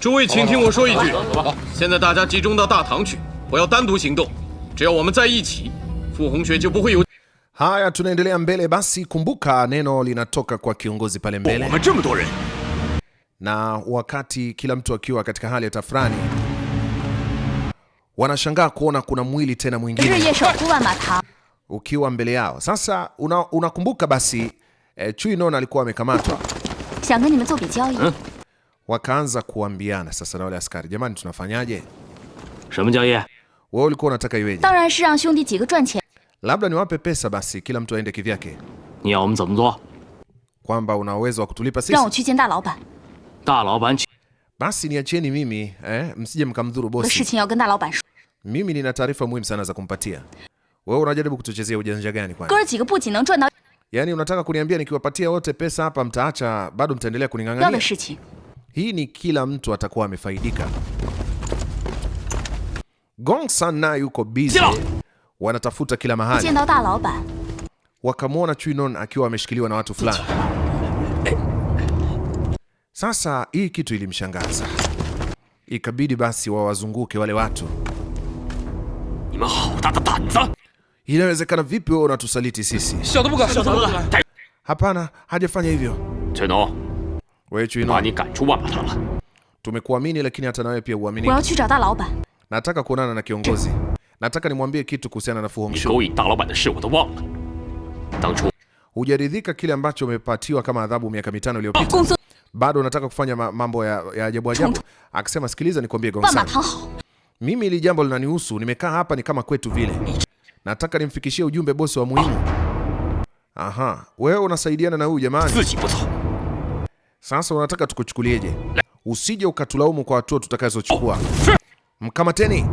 诸位，请听我说一句，现在大家集中到大堂去，不要单独行动，只要我们在一起，傅红雪就不会有。Haya, tunaendelea mbele basi. Kumbuka neno linatoka kwa kiongozi pale mbele, na wakati kila mtu akiwa katika hali ya tafrani, wanashangaa kuona kuna mwili tena mwingine ukiwa mbele yao. Sasa unakumbuka una basi eh, Chui Non alikuwa amekamatwa Wakaanza kuambiana sasa na wale askari, jamani, tunafanyaje? Wewe ulikuwa unataka iweje? Labda niwape pesa basi, kila mtu aende kivyake. Kwamba una uwezo wa kutulipa sisi? Basi niacheni mimi eh, msije mkamdhuru bosi. Mimi nina taarifa muhimu sana za kumpatia. Wewe unajaribu kutuchezea ujanja gani kwani? Yaani unataka kuniambia nikiwapatia wote pesa hapa mtaacha bado mtaendelea kuning'ang'ania? Hii ni kila mtu atakuwa amefaidika. Gongsan naye yuko busy, wanatafuta kila mahali. Wakamwona Chuinon akiwa ameshikiliwa na watu fulani. Sasa hii kitu ilimshangaza, ikabidi basi wawazunguke wale watu. Inawezekana vipi wewe unatusaliti sisi? Hapana, hajafanya hivyo. Wewe tumekuamini, lakini hata nawe pia uamini. Nataka kuonana na kiongozi. Nataka nimwambie kitu kuhusiana na Fu Hongxue. Hujaridhika kile ambacho umepatiwa kama adhabu miaka mitano iliyopita. Eh, Bado nataka kufanya mambo ya, ya ajabu ajabu. Akasema, sikiliza nikwambie Gongsan. Mimi ili jambo linanihusu, nimekaa hapa ni kama kwetu vile. Nataka nimfikishie ujumbe bosi wa muhimu. Aha, wewe unasaidiana na huyu jamani. Sasa unataka tukuchukulieje? Usije ukatulaumu kwa hatua tutakazochukua. Mkamateni.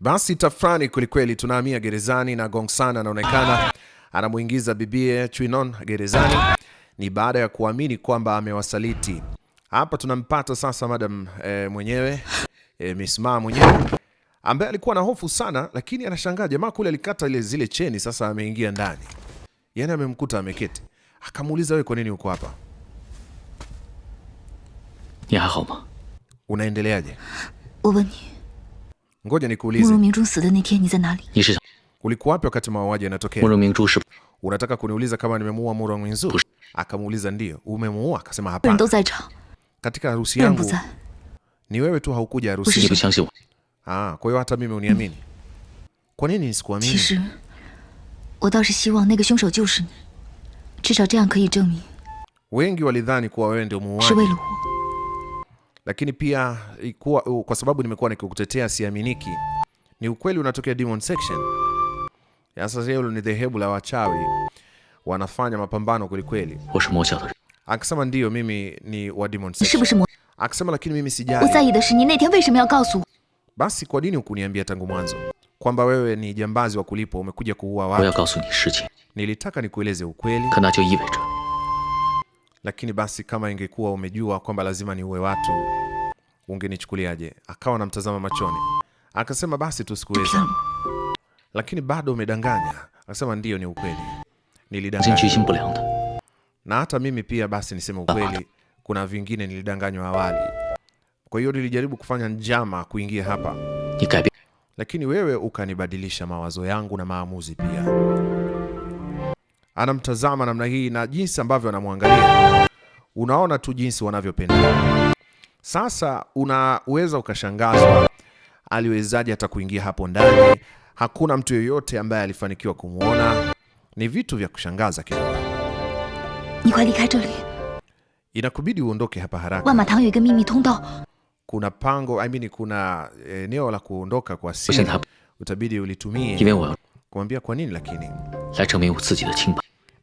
Basi tafrani kwelikweli, tunahamia gerezani na Gongsan anaonekana anamuingiza bibie Chuinon gerezani ni baada ya kuamini kwamba amewasaliti. Hapa tunampata sasa madam e, mwenyewe e, Miss Ma mwenyewe ambaye alikuwa na hofu sana, lakini anashangaa jamaa kule alikata ile zile cheni, sasa ameingia ndani, yani amemkuta ameketi, akamuuliza wewe, kwa nini uko hapa? ni homa, unaendeleaje? Ubani, Ngoja nikuulize, ulikuwa wapi wakati mauaji yanatokea? Unataka kuniuliza kama nimemuua Mura Mwinzu? Akamuuliza ndio. Umemuua? Akasema hapana. Katika harusi yangu ni wewe tu haukuja harusi. Ah, kwa hiyo hata mimi uniamini? Kwa nini nisikuamini? Wengi walidhani kuwa wewe ndio muuaji. Lakini pia kwa, kwa sababu nimekuwa nikikutetea siaminiki. Ni ukweli unatokea Demon Section ya yaani sasa hilo ni dhehebu la wachawi, wanafanya mapambano kwelikweli. Akasema ndio, mimi ni wa demon section. Akasema lakini mimi sijali. Basi kwa nini hukuniambia tangu mwanzo kwamba wewe ni jambazi wa kulipo, umekuja kuua watu? Nilitaka nikueleze ukweli, lakini basi kama ingekuwa umejua kwamba lazima niue watu ungenichukuliaje? Akawa anamtazama machoni, akasema basi tusiweze lakini bado umedanganya. Anasema ndio, ni ukweli, nilidanganya na hata mimi pia. Basi niseme ukweli, kuna vingine nilidanganywa awali, kwa hiyo nilijaribu kufanya njama kuingia hapa, lakini wewe ukanibadilisha mawazo yangu na maamuzi pia. Anamtazama namna hii na jinsi ambavyo anamwangalia, unaona tu jinsi wanavyopendana. Sasa unaweza ukashangazwa, aliwezaje hata kuingia hapo ndani hakuna mtu yoyote ambaye alifanikiwa kumwona. Ni vitu vya kushangaza kidogo. Inakubidi uondoke hapa haraka. Kuna pango, I mean, kuna eneo la kuondoka kwa siri, utabidi ulitumie kumwambia kwa nini, lakini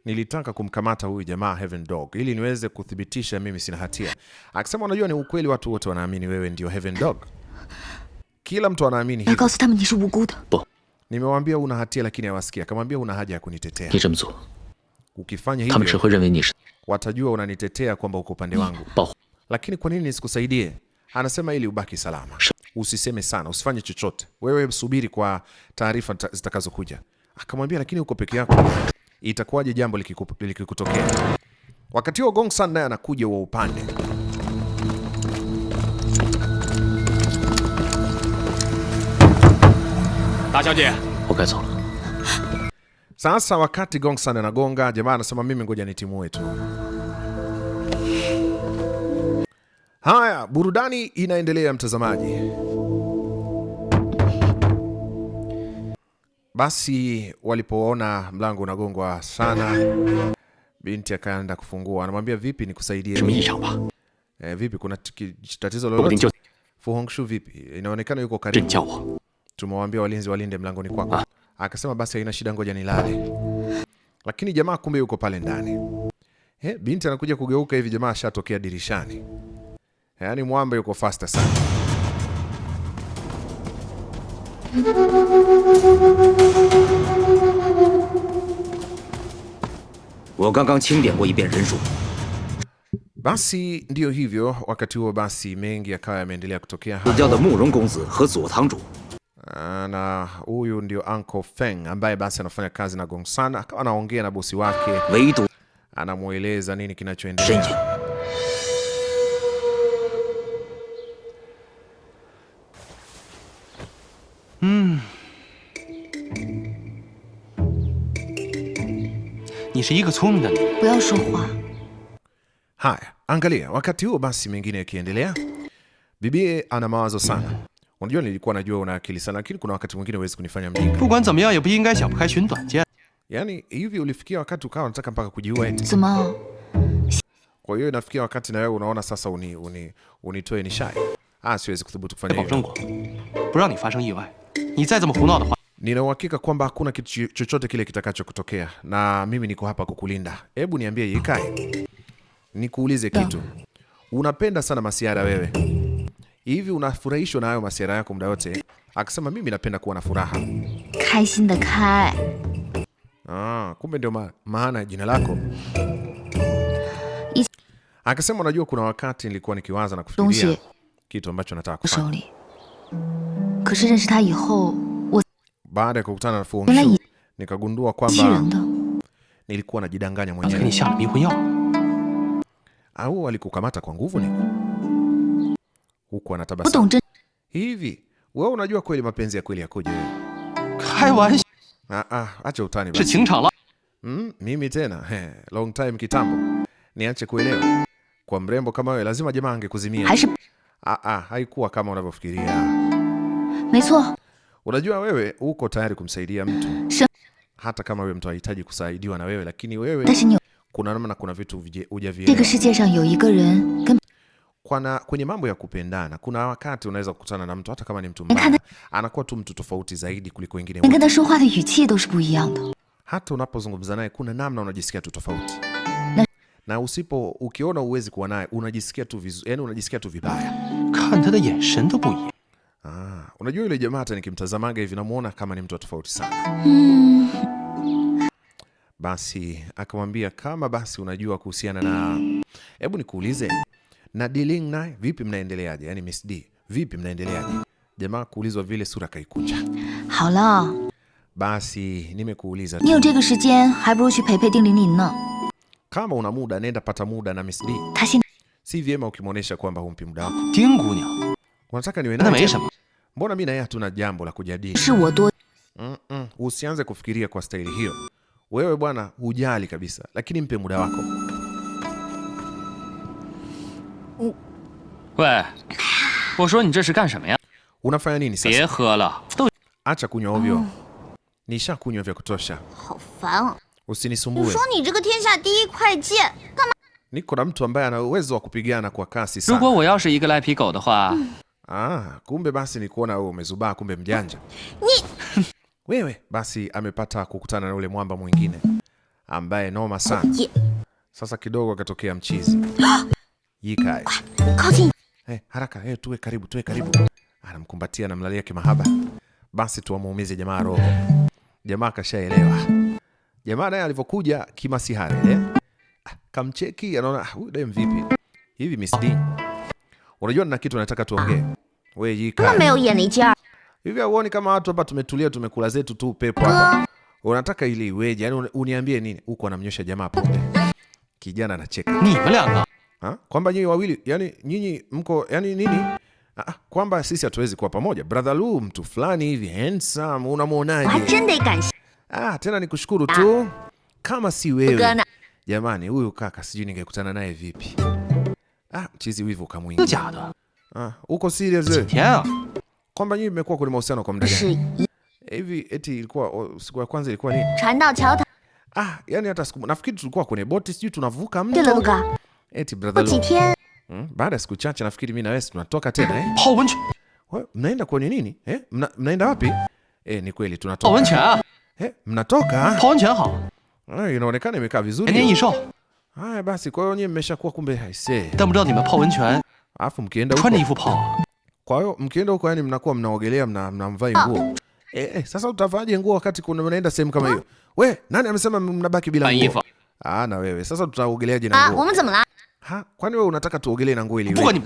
nilitaka kumkamata huyu jamaa Heaven Dog ili niweze kuthibitisha mimi sina hatia. Akisema unajua, ni ukweli, watu wote wanaamini wewe ndio Heaven Dog, kila mtu anaamini hivyo. Nimewambia una hatia lakini hawasikia. Akamwambia una haja ya kunitetea. Ukifanya hivyo watajua unanitetea kwamba uko upande mm, wangu. Lakini kwa nini nisikusaidie? Anasema ili ubaki salama. Usiseme sana, usifanye chochote. Wewe subiri kwa taarifa zitakazokuja. Akamwambia lakini uko peke yako. Itakuwaje jambo likikutokea? Wakati huo Gongsan naye anakuja wa upande 大小姐，sasa wakati Gongsan anagonga, jamaa anasema mimi ngoja nitimue tu. Haya, burudani inaendelea mtazamaji. Basi walipoona mlango unagongwa sana, binti akaenda kufungua, anamwambia vipi, nikusaidie? Eh, vipi kuna tatizo lolote? Fu Hongxue vipi? Inaonekana yuko karibu tumewaambia walinzi walinde mlangoni kwako. Akasema basi haina shida, ngoja nilale. Lakini jamaa kumbe yuko pale ndani. Eh, binti anakuja kugeuka hivi, jamaa ashatokea dirishani. Yaani mwamba yuko fasta sana. Basi ndiyo hivyo. Wakati huo basi mengi yakawa yameendelea kutokea hapo. Ah, na huyu ndio Uncle Feng ambaye basi anafanya kazi na Gongsan, akawa anaongea na bosi wake, anamweleza nini kinachoendelea. Hmm. Haya, angalia wakati huo basi mengine yakiendelea, bibie ana mawazo sana Unajua nilikuwa najua una akili sana, lakini kuna wakati mwingine huwezi kunifanya mjinga. Yaani, hivi ulifikia wakati ukawa unataka mpaka kujiua eti? Kwa hiyo inafikia wakati na wewe unaona sasa uni, uni, unitoe Ah, siwezi kudhubutu kufanya hivyo. Eh. Nina uhakika kwamba hakuna kitu chochote kile kitakachokutokea na mimi niko hapa kukulinda. Hebu niambie Ye Kai. Nikuulize kitu. Unapenda sana masiara wewe. Hivi unafurahishwa na hayo masiara yako muda wote? Akasema mimi napenda kuwa na furaha. Ah, kumbe ndio ma maana ya jina lako. Akasema unajua, kuna wakati nilikuwa nikiwaza na kufikiria kitu ambacho nataka kufanya. Baada ya kukutana na Fu Hongxue nikagundua kwamba nilikuwa najidanganya mwenyewe. Au alikukamata kwa nguvu ni huku anatabasamu. Hivi wewe unajua kweli mapenzi ya kweli yakoje? Ah, ah, acha utani basi. Mm, mimi tena He, long time kitambo, niache kuelewa. Kwa mrembo kama wewe lazima jamaa angekuzimia. Ah, ah, haikuwa kama unavyofikiria. Unajua wewe uko tayari kumsaidia mtu hata kama wewe mtu anahitaji kusaidiwa na wewe, lakini wewe kuna namna, kuna vitu hujavielewa. Kwana, kwenye mambo ya kupendana kuna wakati unaweza kukutana na mtu hata kama ni mtu mbaya, anakuwa tu mtu tofauti zaidi kuliko wengine Hata unapozungumza naye kuna namna unajisikia tu tofauti, na usipo ukiona uwezi kuwa naye unajisikia tu vizu, yani unajisikia tu vibaya. Ah, unajua yule jamaa hata nikimtazamaga hivi namuona kama ni mtu tofauti sana. Hmm. Basi akamwambia kama basi unajua kuhusiana na, hebu nikuulize na dealing naye vipi, mnaendeleaje? Yani Miss D vipi, mnaendeleaje? Jamaa kuulizwa vile, sura kaikunja. Hala, basi nimekuuliza tu. Kama una muda nenda pata muda na Miss D. Si vyema ukimwonyesha kwamba humpi muda wako. Tingunya. Unataka niwe naye? Mbona mimi na yeye hatuna jambo la kujadili. Shi Mm -mm, usianze kufikiria kwa staili hiyo. Wewe bwana hujali kabisa, lakini mpe muda wako. 喂，我说你这是干什么呀？Unafanya nini sasa? 别喝了，都 Acha kunywa ovyo. Nishakunywa vya kutosha. 好烦哦！我 Usinisumbue. basi ni kuona wewe kumbe mjanja. Ni- Wewe basi amepata kukutana na yule mwamba mwingine ambaye noma sana. Sasa kidogo akatokea mchizi. Yikai. 靠近 Eh, haraka eh, tuwe karibu, tuwe karibu. Anamkumbatia, na mlalia kimahaba. Basi tuwamuumize jamaa roho. Jamaa kashaelewa. Jamaa naye alivyokuja kimasihari eh? Ah, kamcheki, anaona ah, huyu dem vipi hivi misidi. Unajua nina kitu nataka tuongee. Wewe jika hivi huoni kama watu hapa tumetulia tumekula zetu tu pepo hapa. Unataka ili iweje? Yaani uniambie nini? Huko anamnyosha jamaa pombe. Kijana anacheka. Ni, ha? kwamba nyinyi wawili yani nyinyi mko yani nini ha? Ah, ah, kwamba sisi hatuwezi kuwa pamoja. Brother Lu mtu fulani hivi handsome, unamwonaje? Ah, tena ni kushukuru tu ah. kama si wewe jamani, huyu kaka sijui ningekutana naye vipi. Ah, chizi wivu kamwingi. Ah, uko serious wewe? Kwamba nyinyi mmekuwa kwenye mahusiano kwa muda gani? Eh, hivi eti ilikuwa siku ya kwanza ilikuwa nini? Ah, yani hata siku nafikiri tulikuwa kwenye boti sijui tunavuka mto. Eti brother Lu. Hmm, baada ya siku chache nafikiri mimi na wewe tunatoka tena eh. Wewe mnaenda kwenye nini? Eh? Mna, mnaenda wapi? Eh, ni kweli tunatoka. Eh, mnatoka? Eh, inaonekana imekaa vizuri. Haya basi, kwa hiyo nyewe mmeshakuwa kumbe haisee. Eh? Alafu mkienda huko. Kwa hiyo mkienda huko yani mnakuwa mnaogelea mna mnamvaa ah. nguo. Eh, eh, sasa utavaaje nguo wakati kuna mnaenda sehemu kama hiyo? We, nani amesema mnabaki bila nguo? Ah, na wewe sasa tutaogeleaje na ah, nguo? Ah, women zamla. Ha, kwani wewe unataka tuogelee na nguo ili wewe?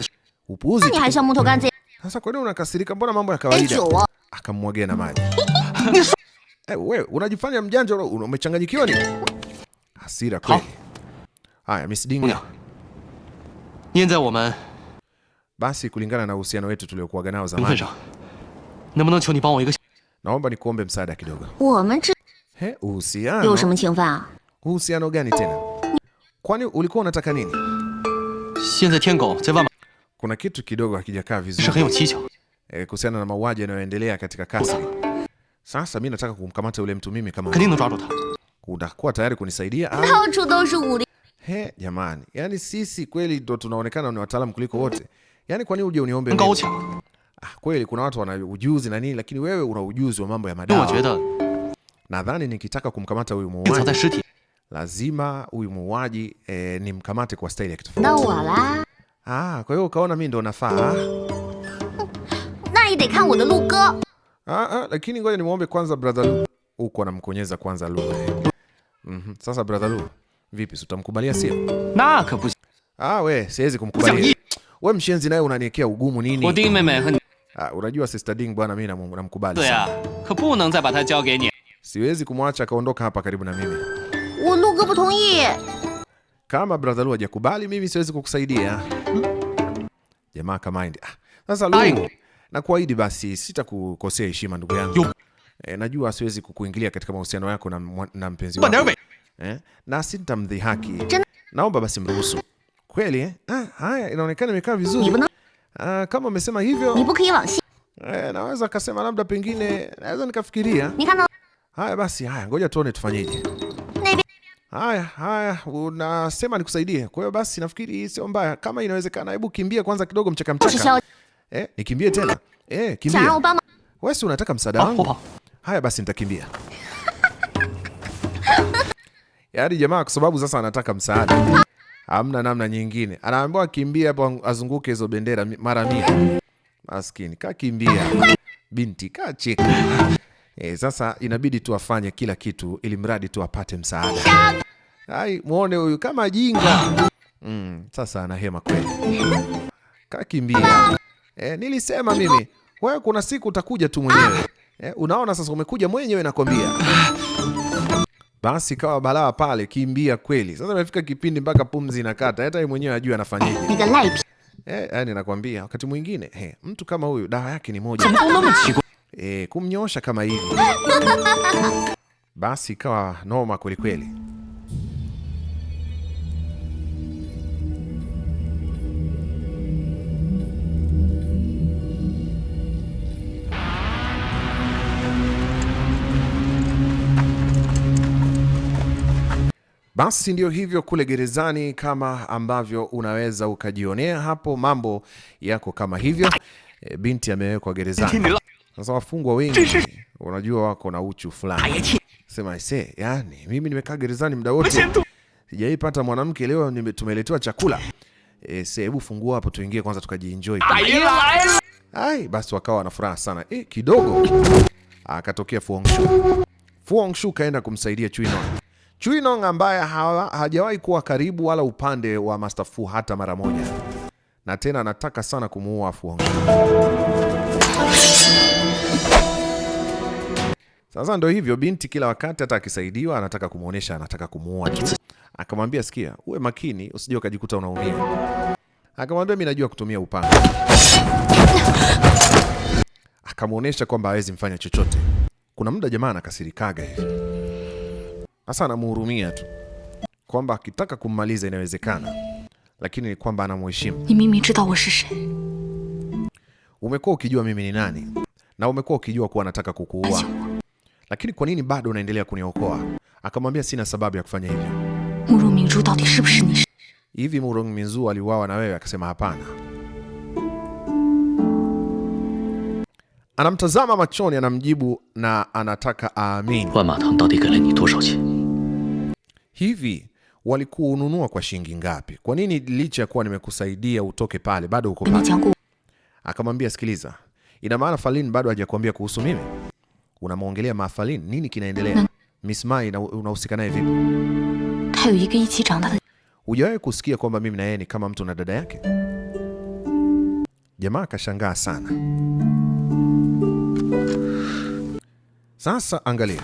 Upuuzi. Ni haisha ganze. Sasa kwani unakasirika? Mbona mambo ya kawaida? Akamwagia na maji. Eh, wewe unajifanya mjanja, umechanganyikiwa ni? Hasira kweli. Haya, Miss Ding. Yenza women. Eh? Basi kulingana na uhusiano wetu tuliokuwa nao zamani. pao Naomba nikuombe msaada kidogo. Wao. He, Uhusiano uhusiano gani tena? Kwani ulikuwa unataka nini? Kuna kitu kidogo hakijakaa vizuri e, kuhusiana na mauaji yanayoendelea katika kasri. Sasa mimi nataka kumkamata yule mtu mimi kama utakuwa tayari kunisaidia? He, jamani, yani sisi kweli ndo tunaonekana ni wataalamu kuliko wote. Yani kwani uje uniombe mimi? Ah, kweli kuna watu wana ujuzi na nini, lakini wewe una ujuzi wa mambo ya madawa. Nadhani nikitaka kumkamata huyu muuaji lazima huyu muuaji e, eh, ni mkamate kwa staili ya kitofauti. wala. Ah, kwa hiyo ukaona mimi ndo nafaa. Ah? Na de kan Ah, ah, lakini ngoja nimuombe kwanza brother Lu. Huko anamkonyeza kwanza Lu. Eh. Mhm. Mm, Sasa brother Lu, vipi sutamkubalia sio? Na Ah, we, siwezi kumkubalia. We mshenzi naye unaniekea ugumu nini? Ah, unajua sister Ding bwana mimi namkubali. Kapu Siwezi kumwacha akaondoka hapa karibu na mimi. Kama brother Lu hajakubali mimi siwezi kukusaidia. Hmm? Jamaa kama ndi. Ah, sasa Lu, nakuahidi basi sitakukosea heshima ndugu yangu. E, najua siwezi kukuingilia katika mahusiano yako na, na mpenzi wako. Eh, na sitamdhihaki. Naomba basi mruhusu. Kweli eh? Ah, haya inaonekana imekaa vizuri. Ah, kama umesema hivyo. Eh, naweza kasema labda pengine naweza nikafikiria. Haya basi, haya ngoja tuone tufanyeje. Haya haya, unasema nikusaidie. Kwa hiyo basi, nafikiri hii sio mbaya. Kama inawezekana, hebu kimbia kwanza kidogo, mchaka mchaka. Eh, nikimbie tena? Eh, kimbia. Wewe si unataka msaada wangu? Haya basi, nitakimbia. Yaani jamaa, kwa sababu sasa anataka msaada, hamna namna nyingine. Anaambiwa kimbia hapo, azunguke hizo bendera mara mia. Maskini kakimbia, binti kacheka. E, sasa inabidi tuwafanye kila kitu ili mradi tu apate msaada. Hai, muone huyu kama jinga. Mm, sasa ana hema kweli. Kakimbia. E, nilisema mimi wewe kuna siku utakuja tu mwenyewe. E, unaona sasa umekuja mwenyewe nakwambia. Basi kawa balaa pale, kimbia kweli. Sasa imefika kipindi mpaka pumzi inakata, hata yeye mwenyewe ajui anafanyaje. Eh, yani nakwambia wakati mwingine, he, mtu kama huyu dawa yake ni moja e, kumnyosha kama hivi basi ikawa noma kwelikweli. Basi ndio hivyo kule gerezani, kama ambavyo unaweza ukajionea hapo, mambo yako kama hivyo. Eh, binti amewekwa gerezani. Sasa wafungwa wengi unajua wako na uchu fulani. Sema aise, yani mimi nimekaa gerezani muda wote. Sijaipata mwanamke leo tumeletewa chakula. Eh, sasa hebu fungua hapo tuingie kwanza tukajienjoy. Ai, basi wakawa na furaha sana. Eh, kidogo akatokea Fu Hongxue. Fu Hongxue kaenda kumsaidia Chui Nong. Chui Nong ambaye hajawahi kuwa karibu wala upande wa Master Fu hata mara moja na tena anataka sana kumuua Fu Sasa ndo hivyo, binti kila wakati hata akisaidiwa anataka kumuonesha anataka kumuua tu. Akamwambia, sikia, uwe makini usije ukajikuta unaumia. Akamwambia, mimi najua kutumia upanga. Akamuonesha kwamba hawezi mfanya chochote. Kuna muda jamaa anakasirikaga hivi. Sasa anamhurumia tu kwamba akitaka kummaliza inawezekana lakini ni kwamba anamheshimu. Umekuwa ukijua mimi ni nani na umekuwa ukijua kuwa anataka kukuua, lakini kwa nini bado unaendelea kuniokoa? Akamwambia, sina sababu ya kufanya hivyo. Hivi Murong Minzu aliuawa na wewe? Akasema, hapana. Anamtazama machoni, anamjibu na anataka aamini hivi walikuwa ununua kwa shilingi ngapi? Kwa nini licha ya kuwa nimekusaidia utoke pale bado uko pale? Akamwambia, sikiliza, ina maana Falin bado hajakuambia kuhusu mimi? Unamwongelea Ma Falin, nini kinaendelea? Mm. Miss Mai unahusika naye vipi? Hujawahi kusikia kwamba mimi na yeye ni kama mtu na dada yake? Jamaa akashangaa sana. Sasa angalia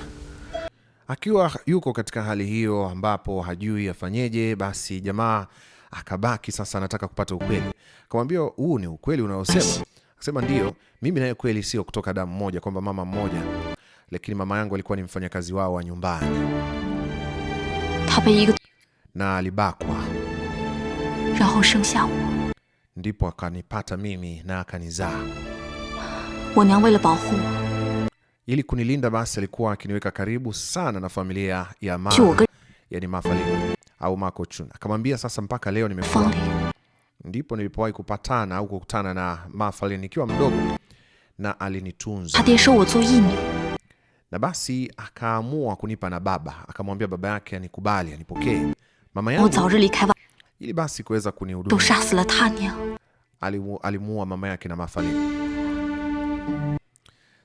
Akiwa yuko katika hali hiyo ambapo hajui afanyeje, basi jamaa akabaki sasa, anataka kupata ukweli. Akamwambia, huu ni ukweli unaosema? Akasema ndio, mimi naye kweli sio kutoka damu moja, kwamba mama mmoja, lakini mama yangu alikuwa ni mfanyakazi wao wa nyumbani na alibakwa, ndipo akanipata mimi na akanizaa. Ili kunilinda basi alikuwa akiniweka karibu sana na familia ya Ma, yani Ma Fangling au Ma Kongqun. Akamwambia sasa mpaka leo nimekuwa. Ndipo nilipowahi kupatana au kukutana na Ma Fangling nikiwa mdogo na alinitunza. Na basi akaamua kunipa na baba, akamwambia baba yake anikubali, anipokee. Mama yangu ili basi kuweza kunihudumia. Alimuua mama yake na Ma Fangling.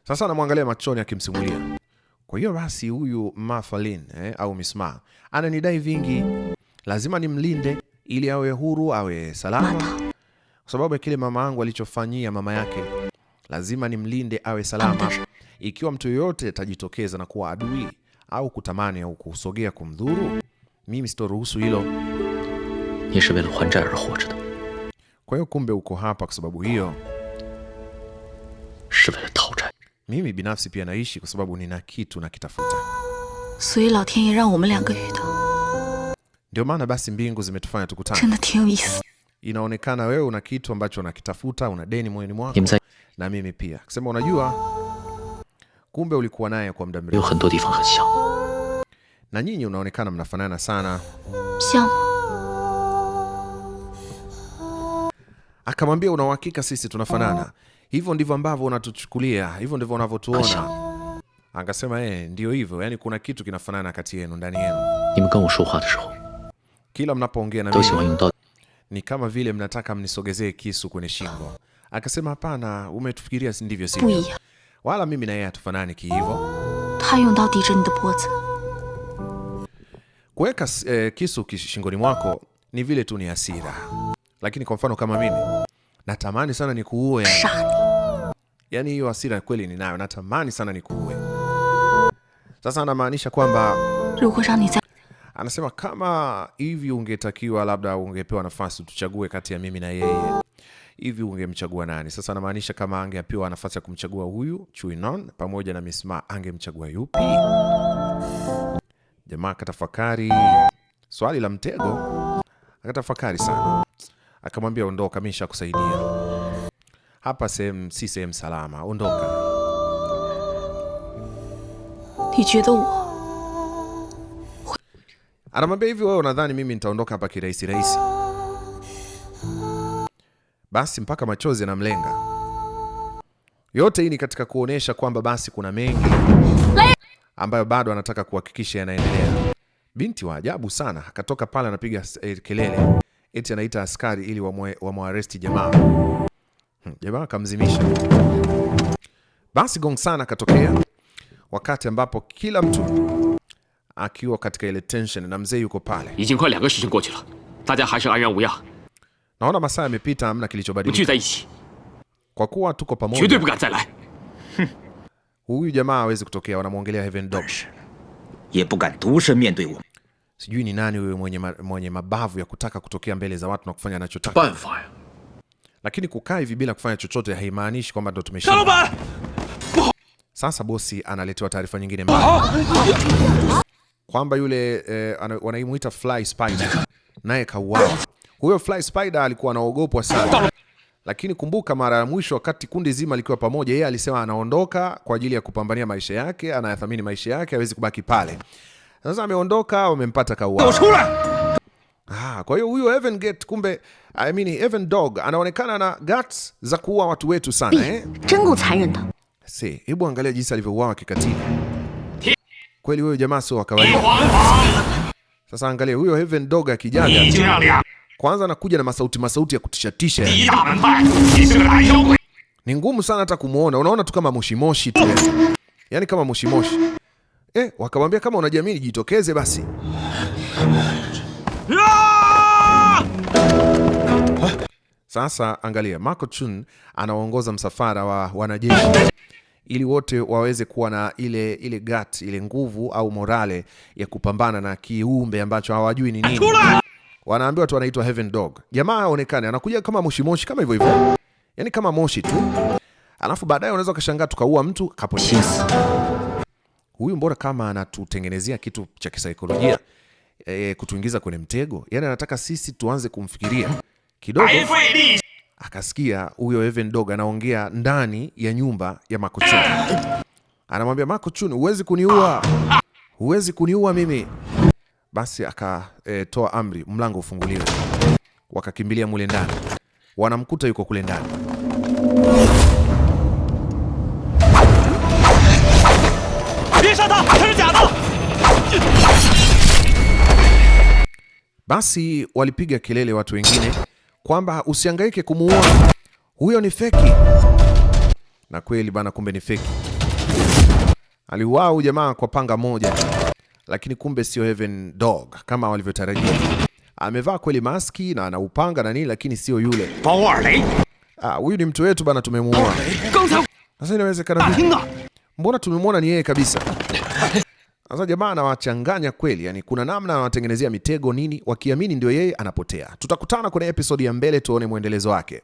Sasa anamwangalia machoni akimsimulia. Kwa hiyo basi huyu Mafalin eh, au Misma ananidai vingi, lazima nimlinde ili awe huru, awe salama, kwa sababu ya kile mama yangu alichofanyia mama yake. Lazima nimlinde awe salama. Ikiwa mtu yoyote atajitokeza na kuwa adui au kutamani au kusogea kumdhuru, mimi sitoruhusu hilo. Kwa hiyo kumbe uko hapa kwa sababu hiyo mimi binafsi pia naishi kwa sababu nina kitu kitafuta. Ndio maana basi mbingu zimetufanya tukutane. Inaonekana wewe una kitu ambacho unakitafuta, una deni moyoni mwako na mimi pia. Kusema unajua, kumbe ulikuwa naye kwa muda mrefu. Na nyinyi unaonekana mnafanana sana. Akamwambia, una uhakika sisi tunafanana? hivyo ndivyo ambavyo unatuchukulia, hivyo ndivyo unavyotuona. Akasema eh, ndio hivyo, yani kuna kitu kinafanana kati yenu, ndani yenu. Kila mnapoongea na mimi ni kama vile mnataka mnisogezee kisu kwenye shingo. Akasema hapana, umetufikiria ndivyo sivyo? Wala mimi na yeye hatufanani kihivyo. Kuweka eh, kisu shingoni mwako ni vile tu ni hasira, lakini kwa mfano kama mimi natamani sana nikuue yani hiyo hasira kweli ninayo, natamani sana nikuue. Sasa anamaanisha kwamba anasema kama hivi ungetakiwa labda ungepewa nafasi tuchague kati ya mimi na yeye hivi ungemchagua nani? Sasa anamaanisha kama angepewa nafasi ya kumchagua huyu Chuinon pamoja na Miss Ma, angemchagua yupi? Jamaa akatafakari swali la mtego, akatafakari sana, akamwambia ondoka, mimi nishakusaidia hapa sehemu si sehemu salama, ondoka. Anamwambia hivi, wewe unadhani mimi nitaondoka hapa kirahisi rahisi? Basi mpaka machozi anamlenga. Yote hii ni katika kuonyesha kwamba basi kuna mengi ambayo bado anataka kuhakikisha yanaendelea. Binti wa ajabu sana, akatoka pale anapiga eh, kelele, eti anaita askari ili wamwaresti jamaa. Hmm, jamaa akamzimisha. Basi gong sana katokea, wakati ambapo kila mtu akiwa katika ile tension, na mzee yuko pale. Naona masaa yamepita, hamna kilichobadilika kwa kuwa tuko pamoja. Huyu jamaa hawezi kutokea, wanamwongelea Heaven Dog. Sijui ni nani huyo mwenye, mwenye mabavu ya kutaka kutokea mbele za watu na kufanya anachotaka. Lakini kukaa hivi bila kufanya chochote haimaanishi kwamba ndo tumeshinda. Sasa bosi analetewa taarifa nyingine mbaya kwamba yule eh, wanaimuita Fly Spider naye kauawa. Huyo Fly Spider alikuwa anaogopwa sana, lakini kumbuka, mara ya mwisho wakati kundi zima likiwa pamoja, yeye alisema anaondoka kwa ajili ya kupambania maisha yake, anayathamini maisha yake, hawezi kubaki pale. Sasa ameondoka, wamempata kauawa. Ah, kwa hiyo huyo Evan Gate kumbe, I mean Evan Dog anaonekana na guts za kuua watu wetu sana eh. Si, hebu angalia jinsi alivyouawa kikatili. Kweli huyu jamaa sio wa kawaida. Sasa angalia huyo Evan Dog akijaga. Kwanza anakuja na masauti masauti ya kutishatisha. Ni ngumu sana hata kumuona. Unaona tu kama moshi moshi tu. Yaani kama moshi moshi. Eh, wakamwambia kama unajiamini jitokeze basi. Sasa angalia, Marco Chun anaongoza msafara wa wanajeshi ili wote waweze kuwa na ile ile gut, ile nguvu au morale ya kupambana na kiumbe ambacho hawajui ni nini. Wanaambiwa tu wanaitwa Heaven Dog. Jamaa aonekane anakuja kama moshi moshi kama hivyo hivyo. Yaani kama moshi tu. Alafu baadaye unaweza kashangaa tukaua mtu kapo. Huyu mbora kama anatutengenezea kitu cha kisaikolojia e, kutuingiza kwenye mtego. Yani anataka sisi tuanze kumfikiria kidogo. Akasikia huyo Even Dog anaongea ndani ya nyumba ya Makochuni, anamwambia Makochuni, huwezi kuniua, huwezi kuniua mimi. Basi akatoa e, amri mlango ufunguliwe, wakakimbilia mule ndani, wanamkuta yuko kule ndani. Basi walipiga kelele watu wengine kwamba usihangaike kumuua huyo, ni feki. Na kweli bana, kumbe ni feki. Aliuawa jamaa kwa panga moja, lakini kumbe sio Heaven Dog kama walivyotarajia. Amevaa kweli maski na ana upanga na nini, lakini sio yule. Ah, huyu ni mtu wetu bana, tumemuua. Sasa inawezekana ah, Mbona tumemuona ni yeye kabisa. Sasa jamaa anawachanganya kweli, yani kuna namna anawatengenezea mitego nini, wakiamini ndio yeye anapotea. Tutakutana kwenye episodi ya mbele tuone mwendelezo wake.